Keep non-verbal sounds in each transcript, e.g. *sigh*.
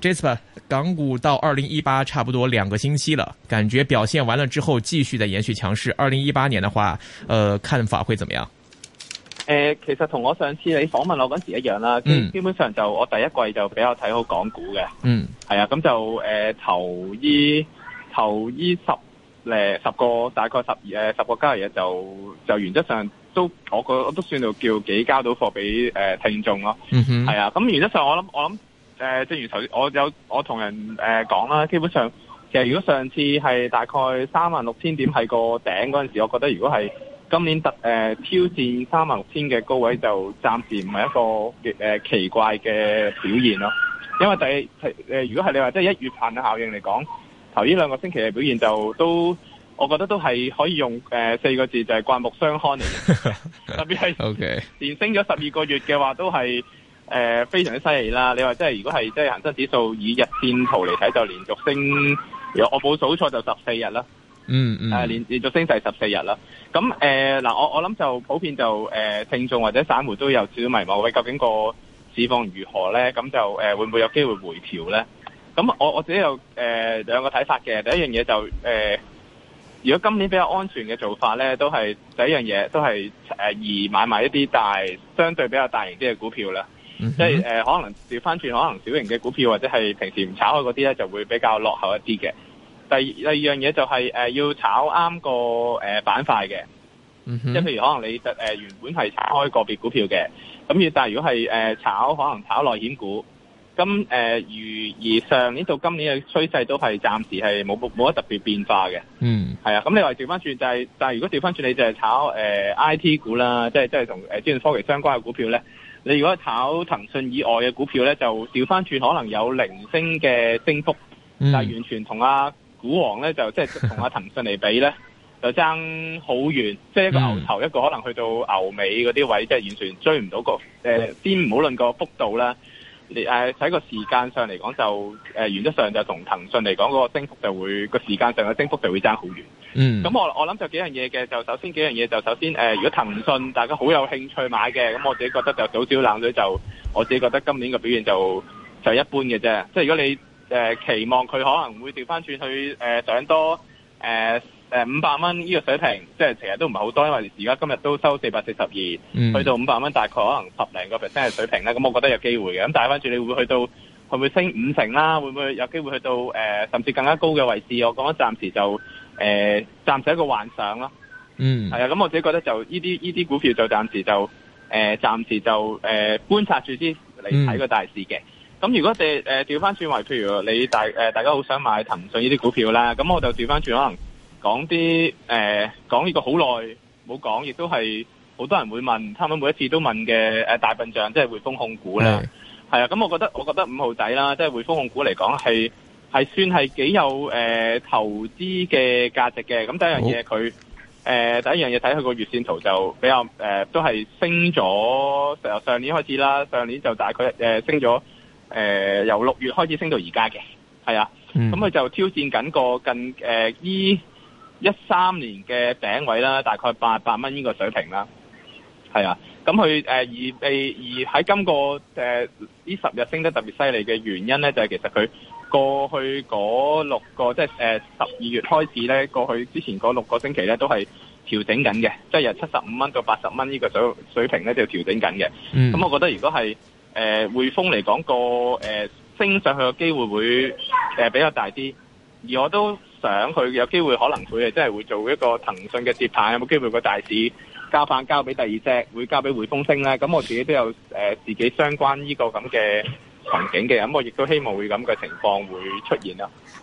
這次港股到二零一八差不多兩個星期了，感覺表現完了之後繼續在延續強勢。二零一八年的話，呃，看法會怎麼樣？誒、呃，其實同我上次你訪問我嗰陣時一樣啦，基基本上就我第一季就比較睇好港股嘅。嗯，係啊，咁就誒、呃、投依投依十誒、呃、十個大概十二誒、呃、十個交易日就就原則上都我覺得都算到叫幾交到貨俾誒、呃、聽眾咯。嗯哼，係啊，咁原則上我諗我諗。誒，即、呃、如頭，我有我同人誒講啦。基本上，其實如果上次係大概三萬六千點係個頂嗰陣時，我覺得如果係今年突誒、呃、挑戰三萬六千嘅高位，就暫時唔係一個誒、呃、奇怪嘅表現咯。因為第、就、誒、是呃，如果係你話即係一月份嘅效應嚟講，頭呢兩個星期嘅表現就都，我覺得都係可以用誒四、呃、個字就係刮目相看嚟嘅。 *laughs* 特別係連 Okay. 升咗十二個月嘅話都，都係。誒、呃，非常之犀利啦！你話即係，如果係即係恒生指數以日線圖嚟睇，就連續升，我冇數錯就十四日啦。嗯嗯，誒、嗯，連、呃、連續升就十四日啦。咁誒，嗱、呃呃，我我諗就普遍就誒聽眾或者散戶都有少少迷茫，喂，究竟個市況如何咧？咁就誒、呃、會唔會有機會回調咧？咁我我自己有誒兩、呃、個睇法嘅。第一樣嘢就誒、呃，如果今年比較安全嘅做法咧，都係第一樣嘢都係誒、呃、而買埋一啲大相對比較大型啲嘅股票啦。 *noise* 即係誒，可能調翻轉，可能小型嘅股票或者係平時唔炒開嗰啲咧，就會比較落後一啲嘅。第二第二樣嘢就係、是、誒、呃，要炒啱個誒、呃、板塊嘅。嗯， *noise* 即係譬如可能你誒、呃、原本係炒開個別股票嘅，咁要但係如果係誒炒可能炒內險股，咁誒如而上年到今年嘅趨勢都係暫時係冇冇乜特別變化嘅。嗯，係 *noise* 啊。咁你話調翻轉就係，但係如果調翻轉你就係、是、炒誒、呃、I T 股啦，即係即係同誒資訊科技相關嘅股票咧。你如果炒騰訊以外嘅股票咧，就調翻轉，可能有零星嘅升幅，嗯、但係完全同阿股王咧就即係同阿騰訊嚟比咧，就爭好遠，嗯、即係一個牛頭一個可能去到牛尾嗰啲位，即係完全追唔到個先，唔好論個幅度啦。你喺個時間上嚟講就、呃、原則上就同騰訊嚟講嗰、個升幅就會個時間上嘅升幅就會爭好遠。嗯，咁我我諗就幾樣嘢嘅，就首先幾樣嘢就首先誒、呃，如果騰訊大家好有興趣買嘅，咁我自己覺得就早少冷水，就我自己覺得今年嘅表現就就一般嘅啫。即係如果你誒、呃、期望佢可能會調翻轉去誒上、呃、多誒誒五百蚊呢個水平，即係其實都唔係好多，因為而家今日都收四百四十二，去到五百蚊，大概可能十零個 percent 嘅水平咧。咁我，我覺得有機會嘅。咁帶翻轉你會唔會去到會唔會升五成啦？會唔會有機會去到誒、呃、甚至更加高嘅位置？我講一暫時就。誒、呃，暫時一個幻想咯。嗯，係啊，咁我自己覺得就呢啲呢啲股票就暫時就誒、呃，暫時就誒觀察住先嚟睇個大市嘅。咁、嗯、如果你哋誒調翻轉為，譬如你大、呃、大家好想買騰訊呢啲股票啦，咁我就調翻轉可能講啲誒、呃、講呢個好耐冇講，亦都係好多人會問，差唔多每一次都問嘅誒大笨象，即、就、係、是、匯豐控股咧。係、嗯、啊，咁我覺得我覺得五號仔啦，即、就、係、是、匯豐控股嚟講係。係算係幾有誒、呃、投資嘅價值嘅。咁第一樣嘢，佢誒好、呃、第一樣嘢睇佢個月線圖就比較誒、呃、都係升咗，由上年開始啦。上年就大概誒、呃、升咗誒、呃、由六月開始升到而家嘅，係啊。咁佢、嗯、就挑戰緊個近誒依一三年嘅頂位啦，大概八百蚊呢個水平啦。係啊，咁佢誒而被而喺今、這個誒呢十日升得特別犀利嘅原因咧，就係、是、其實佢。過去嗰六個即係誒十二月開始呢，過去之前嗰六個星期呢，都係調整緊嘅，即係由七十五蚊到八十蚊呢個水水平呢，就調整緊嘅。咁、嗯嗯、我覺得如果係誒匯豐嚟講，個誒、呃、升上去嘅機會會誒、呃、比較大啲。而我都想佢有機會可能會即係會做一個騰訊嘅接棒，有冇機會個大市交棒交俾第二隻，會交俾匯豐升呢？咁我自己都有誒、呃、自己相關呢個咁嘅，環境嘅，咁我亦都希望會咁嘅情況會出現啦。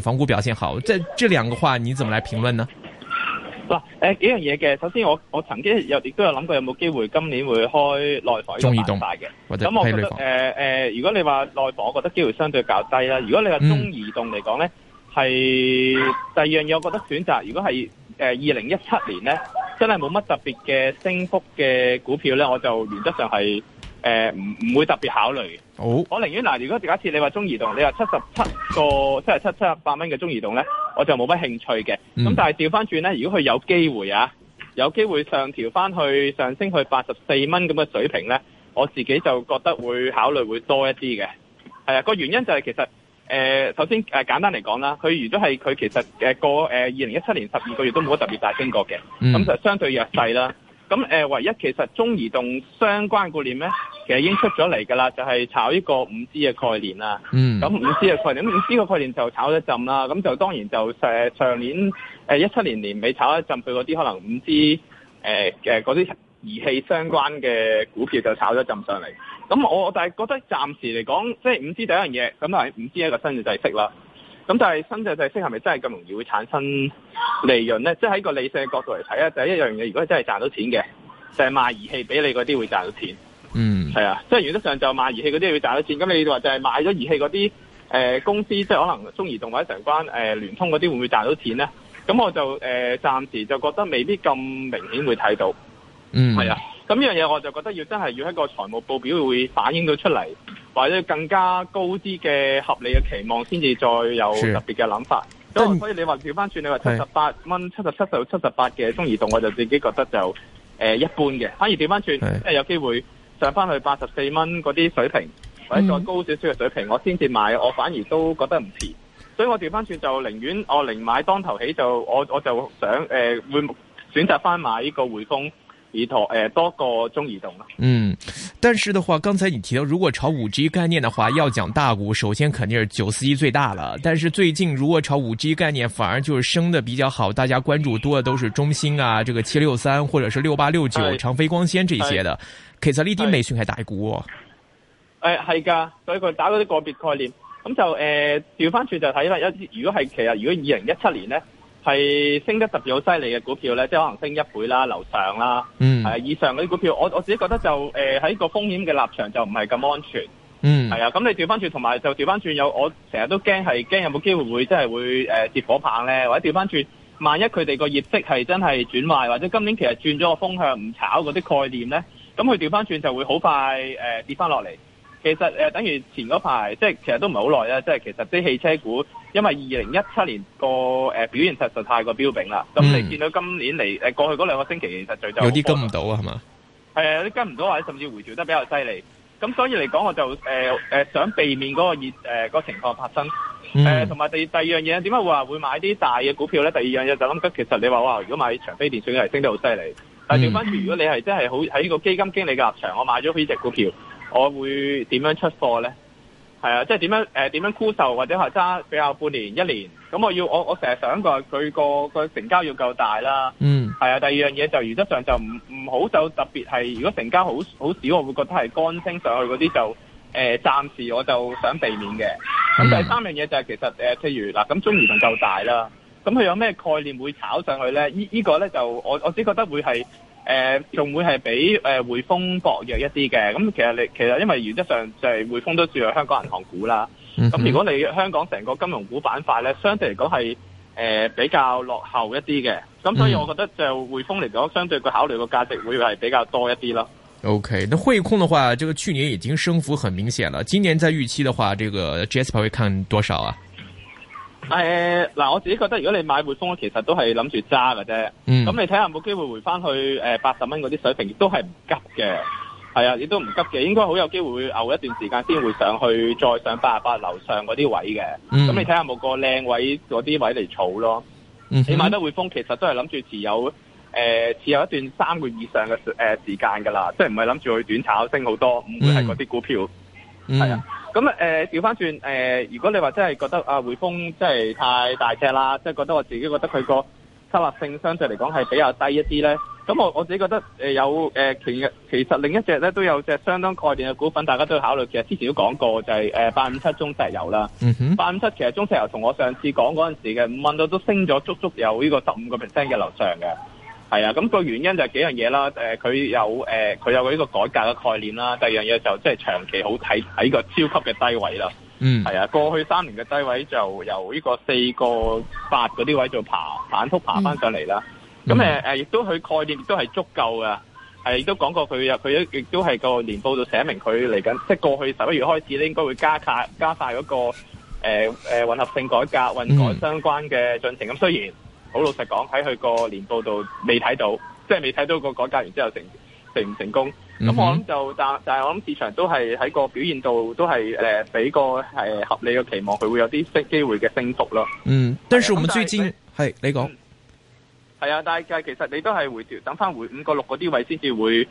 房股表現好，這這兩個話你怎麼來評論呢？嗱、啊，誒、呃、幾樣嘢嘅，首先我我曾經有亦都有諗過有冇機會今年會開內房中移動大嘅，或者誒誒，如果你話內房，我覺得機會相對較低啦。如果你話中移動嚟講咧，係、嗯、第二樣嘢，我覺得選擇。如果係誒二零一七年咧，真係冇乜特別嘅升幅嘅股票咧，我就原則上係。誒，唔唔、呃、會特別考慮嘅。好，我寧願嗱，如果假設你話中移動，你話七十七個七十七七十八蚊嘅中移動咧，我就冇乜興趣嘅。咁、嗯、但係調翻轉咧，如果佢有機會啊，有機會上調翻去上升去八十四蚊咁嘅水平咧，我自己就覺得會考慮會多一啲嘅。係啊，個原因就係其實誒、呃，首先誒、呃、簡單嚟講啦，佢如果係佢其實誒個誒二零一七年十二個月都冇乜特別大升過嘅，咁就相對弱勢啦。嗯咁、呃、唯一其實中移動相關概念咧，其實已經出咗嚟㗎啦，就係、是、炒呢個五 G 嘅概念啦。嗯。咁五 G 嘅概念，五 G 個概念就炒一浸啦。咁就當然就上年誒一七年年尾炒一浸，佢嗰啲可能五 G 嗰、呃、啲儀器相關嘅股票就炒咗一浸上嚟。咁我但係覺得暫時嚟講，即係五 G 第一樣嘢，咁係五 G 一個新嘅制式啦。咁但係，新制式係咪真係咁容易會產生利潤呢？即係喺個理性嘅角度嚟睇咧，就係、是、一樣嘢，如果真係賺到錢嘅，就係、是、賣儀器俾你嗰啲會賺到錢。嗯，係啊，即、就、係、是、原則上就賣儀器嗰啲會賺到錢。咁你話就係買咗儀器嗰啲、呃，公司即係、就是、可能中移動或者長關誒、呃、聯通嗰啲會唔會賺到錢呢？咁我就、呃、暫時就覺得未必咁明顯會睇到。嗯，係啊。咁呢樣嘢我就覺得要真係要一個財務報表會反映到出嚟，或者更加高啲嘅合理嘅期望先至再有特別嘅諗法。咁的所，所以你話調翻轉，你話的七,七,七十八蚊、七十七到七十八嘅中移動，我就自己覺得就、呃、一般嘅。反而調翻轉，的即係有機會上翻去八十四蚊嗰啲水平，或者再高少少嘅水平，我先至買，我反而都覺得唔遲。所以我調翻轉就寧願我寧買當頭起就，就我我就想誒、呃、會選擇翻買呢個匯豐。以托誒多個中移動啦。嗯，但是的話，剛才你提到如果炒五 G 概念的話，要講大股，首先肯定是九四一最大啦。但是最近如果炒五 G 概念，反而就是升得比較好，大家關注多的都是中興啊，這個七六三或者是六八六九，長飛光纖這些啦。是其實呢啲未算係大股。誒，係噶，所以佢打嗰啲個別概念，咁就誒調翻轉就睇啦。一如果係其實如果二零一七年呢。係升得特別好犀利嘅股票咧，即係可能升一倍啦、樓上啦，係、嗯啊、以上嗰啲股票，我我自己覺得就誒喺、呃、個風險嘅立場就唔係咁安全。嗯，係啊，咁、嗯、你調翻轉，同埋就調翻轉有我成日都驚係驚有冇機會會即係會誒跌火棒咧，或者調翻轉，萬一佢哋個業績係真係轉壞，或者今年其實轉咗個風向唔炒嗰啲概念咧，咁佢調翻轉就會好快誒、呃、跌翻落嚟。其實誒、呃，等於前嗰排，即係其實都唔係好耐啦。即係其實啲汽車股，因為二零一七年個誒、呃、表現實在太過彪炳啦。咁你、嗯、見到今年嚟誒、呃、過去嗰兩個星期，其實就有啲跟唔到啊，係嘛？係啊、呃，啲跟唔到，或者甚至回調得比較犀利。咁所以嚟講，我就誒誒、呃呃、想避免嗰個熱誒個情況發生。誒、嗯，同埋第第二樣嘢，點解會話會買啲大嘅股票咧？第二樣嘢就諗得，其實你話哇，如果買長飛電算，係升得好犀利，但係調翻轉，如果你係真係好喺個基金經理嘅立場，我買咗呢隻股票。我會點樣出貨呢？係啊，即係點樣？誒、呃，點樣沽售或者係揸比較半年、一年？咁我要我我成日想過佢個成交要夠大啦。嗯。係啊，第二樣嘢就原則上就唔唔好就特別係，如果成交好好少，我會覺得係乾升上去嗰啲就誒暫時，我就想避免嘅。咁第三樣嘢就係、是、其實誒，譬如嗱，咁中移動夠大啦。咁佢有咩概念會炒上去呢？呢依、呢個呢就我我只覺得會係。誒，仲、呃、會係比誒、呃、匯豐薄弱一啲嘅。咁其實你其實因為原則上就係、是、匯豐都住喺香港銀行股啦。咁、嗯、哼如果你香港成個金融股板塊咧，相對嚟講係誒比較落後一啲嘅。咁所以我覺得就、嗯、匯豐嚟講，相對佢考慮嘅價值會係比較多一啲咯。O、okay, K，那匯控嘅話，這個去年已經升幅很明顯啦。今年在預期嘅話，這個 Jaspa 會看多少啊？誒，嗱、啊，我自己覺得如果你買匯豐其實都係諗住揸㗎啫。咁、嗯、你睇下冇機會回翻去，誒八十蚊嗰啲水平，亦都係唔急嘅。係啊，亦都唔急嘅，應該好有機會後一段時間先會上去，再上八十八樓上嗰啲位嘅。咁、嗯、你睇下冇個靚位嗰啲位嚟儲咯。嗯、哼你買得匯豐其實都係諗住持有，誒、呃、持有一段三個月以上嘅時間㗎啦。即係唔係諗住去短炒升好多，唔、嗯、會係嗰啲股票。係啊、嗯。咁啊誒，調翻轉誒，如果你話真係覺得啊，匯豐真係太大隻啦，即係覺得我自己覺得佢個吸引性相對嚟講係比較低一啲咧。咁我我自己覺得、呃、有誒、呃，其實其實另一隻咧都有隻相當概念嘅股份，大家都要考慮。其實之前都講過，就係誒八五七中石油啦。嗯哼、mm，八五七其實中石油同我上次講嗰陣時嘅五蚊度都升咗足足有呢個十五個 percent 嘅樓上嘅。係啊，咁、那個原因就係幾樣嘢啦。誒、呃，佢有誒，佢、呃、有呢個改革嘅概念啦。第二樣嘢就即係長期好睇，喺個超級嘅低位啦。嗯，係啊，過去三年嘅低位就由呢個四個八嗰啲位就爬反覆爬翻上嚟啦。咁誒誒，亦、呃呃，都佢概念亦、呃、都係足夠噶。係亦都講過佢啊。佢亦都係個年報度寫明佢嚟緊，即係過去十一月開始咧，應該會加快加快嗰個誒誒、呃呃、混合性改革混改相關嘅進程。咁、嗯、雖然。好老實講，喺佢個年報度未睇到，即係未睇到個改革完之後成成唔成功。咁、嗯、哼我諗就但，但、就、係、是、我諗市場都係喺個表現度，都係誒俾個係、呃、合理嘅期望，佢會有啲升機會嘅升幅咯。嗯，嗯、啊，但是我們最近係你講，係啊，但係但其實你都係回調，等翻回五個六嗰啲位先至會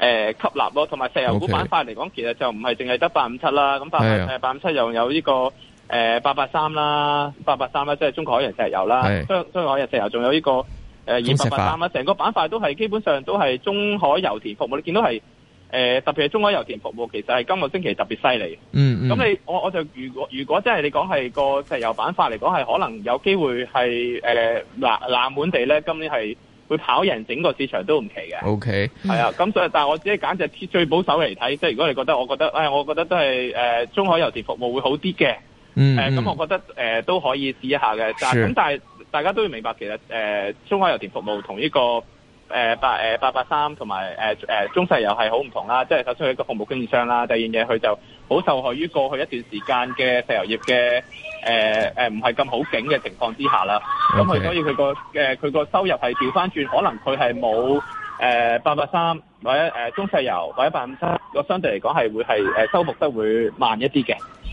誒吸納咯。同埋石油股 Okay. 板塊嚟講，其實就唔係淨係得八五七啦。咁、啊、但誒八五七又有呢、這個。誒八八三啦，八八三啦，即係中海油石油啦。香是中，中海油石油仲有呢個誒二八八三啦，成個板塊都係基本上都係中海油田服務。你見到係誒、呃、特別係中海油田服務，其實係今個星期特別犀利。嗯嗯那你。咁你我我就如果如果即係你講係個石油板塊嚟講，係可能有機會係誒攬攬滿地咧。今年係會跑贏整個市場都唔奇嘅。O K. 係啊，咁所以但係我只係揀隻最保守嚟睇，即係如果你覺得我覺得，哎，我覺得都係誒、呃、中海油田服務會好啲嘅。嗯，嗯，咁、呃，我覺得誒、呃、都可以試一下嘅。咁的但大家都要明白，其實誒、呃、中海油田服務同呢、這個誒八誒八八三同埋誒中石油係好唔同啦。即係首先佢一個服務經營商啦，第二樣嘢佢就好受害於過去一段時間嘅石油業嘅誒唔係咁好景嘅情況之下啦。咁佢 Okay.、嗯、所以佢個誒佢個收入係調翻轉，可能佢係冇誒八八三或者誒、呃、中石油或者八五三個相對嚟講係會係收復得會慢一啲嘅。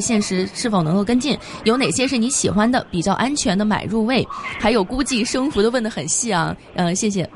現實是否能夠跟進？有哪些是你喜歡的比較安全的買入位？還有估計升幅都問得很細啊。嗯，謝謝。誒、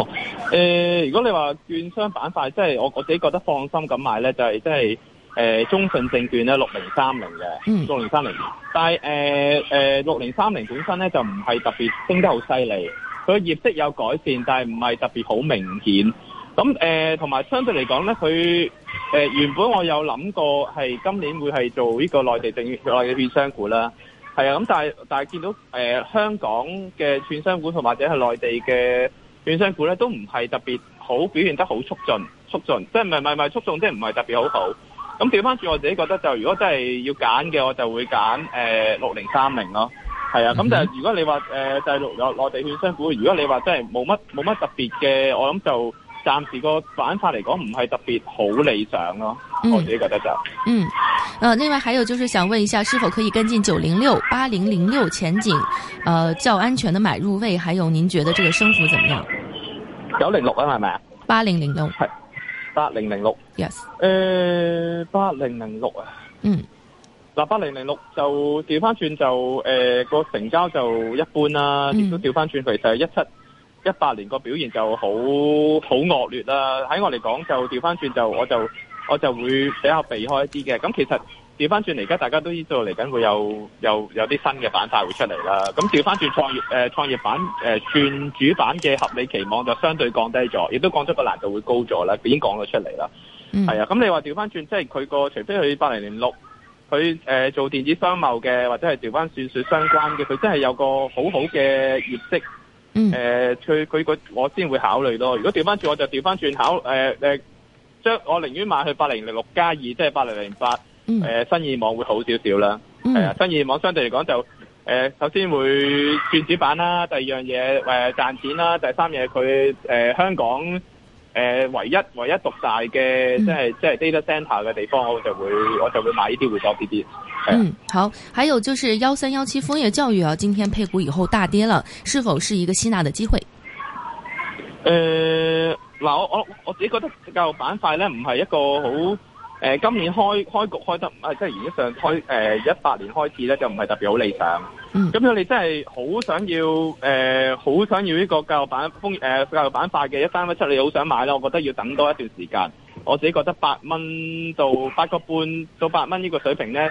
哦呃，如果你話券商板塊即係我我自己覺得放心咁買咧，就係即係誒中信證券咧六零三零嘅，六零三零。嗯、六零三零,但係誒誒六零三零本身咧就唔係特別升得好犀利，佢業績有改善，但係唔係特別好明顯。咁誒，同埋、呃、相對嚟講咧，佢誒、呃、原本我有諗過係今年會係做呢個內地定內嘅券商股啦。係啊，咁但係但係見到誒、呃、香港嘅券商股同或者係內地嘅券商股咧，都唔係特別好表現得好，促進促進，即係唔係唔係促進，即係唔係特別好好。咁調翻轉我自己覺得就，就如果真係要揀嘅，我就會揀誒六零三零咯。係啊，咁但係如果你話誒、呃、就係、是、內地券商股，如果你話真係冇乜冇乜特別嘅，我諗就。暫時個玩法嚟講唔係特別好理想咯、哦，嗯、我自己覺得就是、嗯、呃，另外還有就是想問一下，是否可以跟進九零六八零零六前景，呃，較安全的買入位，還有您覺得這個升幅怎麼樣？九零六啊，係咪啊？八零零六係八零零六，yes，誒，八零零六啊，嗯，嗱、呃，八零零六就調翻轉就誒個、呃、成交就一般啦、啊，亦、嗯、都調翻轉其實係一七。一八年個表現就好好惡劣啦、啊，喺我嚟講就調翻轉就我就我就會比較避開一啲嘅。咁其實調翻轉嚟，而家大家都知道嚟緊會有有有啲新嘅板塊會出嚟啦。咁調翻轉創業、呃、創業板、呃、轉主板嘅合理期望就相對降低咗，亦都降咗個難度會高咗啦，已經講咗出嚟啦。係、mm. 啊，咁你話調翻轉，即係佢、個除非佢八零零六，佢、呃、做電子商貿嘅，或者係調翻轉算數相關嘅，佢真係有個好好嘅業績。誒佢佢個我先會考慮咯。如果調翻轉，我就調翻轉考誒將、呃、我寧願買去八零零六加二，即係八零零八新意網會好少少啦。啊、嗯，新意、呃、網相對嚟講就誒、呃，首先會轉子板啦，第二樣嘢、呃、賺錢啦，第三嘢佢、呃、香港、呃、唯一唯一獨大嘅，即、就、係、是、即係、就是、data center 嘅地方，我就會我就會買呢啲會多啲啲。啊、嗯，好。還有就是幺三幺七楓葉教育啊，今天配股以後大跌了，是否是一個吸納的機會？誒，嗱，我我我自己覺得教育板塊咧，唔係一個好誒、呃，今年開開局開得唔係即係，呃、而家上開誒一八年開始咧就唔係特別好理想。咁、嗯、如果你真係好想要誒，好、呃、想要呢個教育板楓誒、呃、教育板塊嘅一三一七，你好想買啦，我覺得要等多一段時間。我自己覺得八蚊到八個半到八蚊呢個水平咧。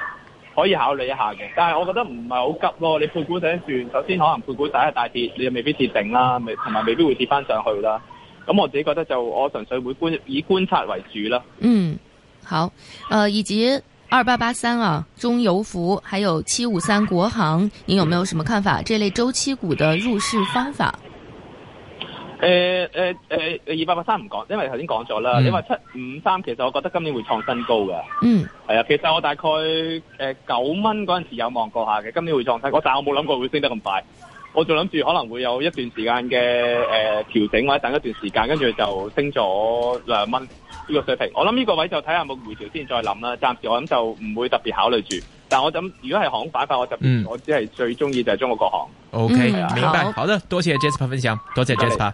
可以考慮一下嘅，但係我覺得唔係好急咯。你配股試一算？首先可能配股第一大跌，你又未必跌定啦，未，同埋未必會跌翻上去啦。咁我自己覺得就我純粹會以觀，以觀察為主啦。嗯，好。呃，以及二八八三啊，中油服，還有七五三國航，你有沒有什麼看法？這類週期股的入市方法？誒誒誒，二百八三唔講，因為頭先講咗啦。因為七五三，其實我覺得今年會創新高嘅嗯，係啊，其實我大概誒九蚊嗰陣時有望過下嘅，今年會創新高。但係我冇諗過會升得咁快，我仲諗住可能會有一段時間嘅誒調整或者等一段時間，跟住就升咗兩蚊呢個水平。我諗呢個位就睇下有冇回調先再諗啦。暫時我諗就唔會特別考慮住。但係我諗如果係行板塊，我特別、嗯、我只係最中意就係中國國航。OK，、啊、明白，好,好的，多謝 Jasper 分享，多謝 Jasper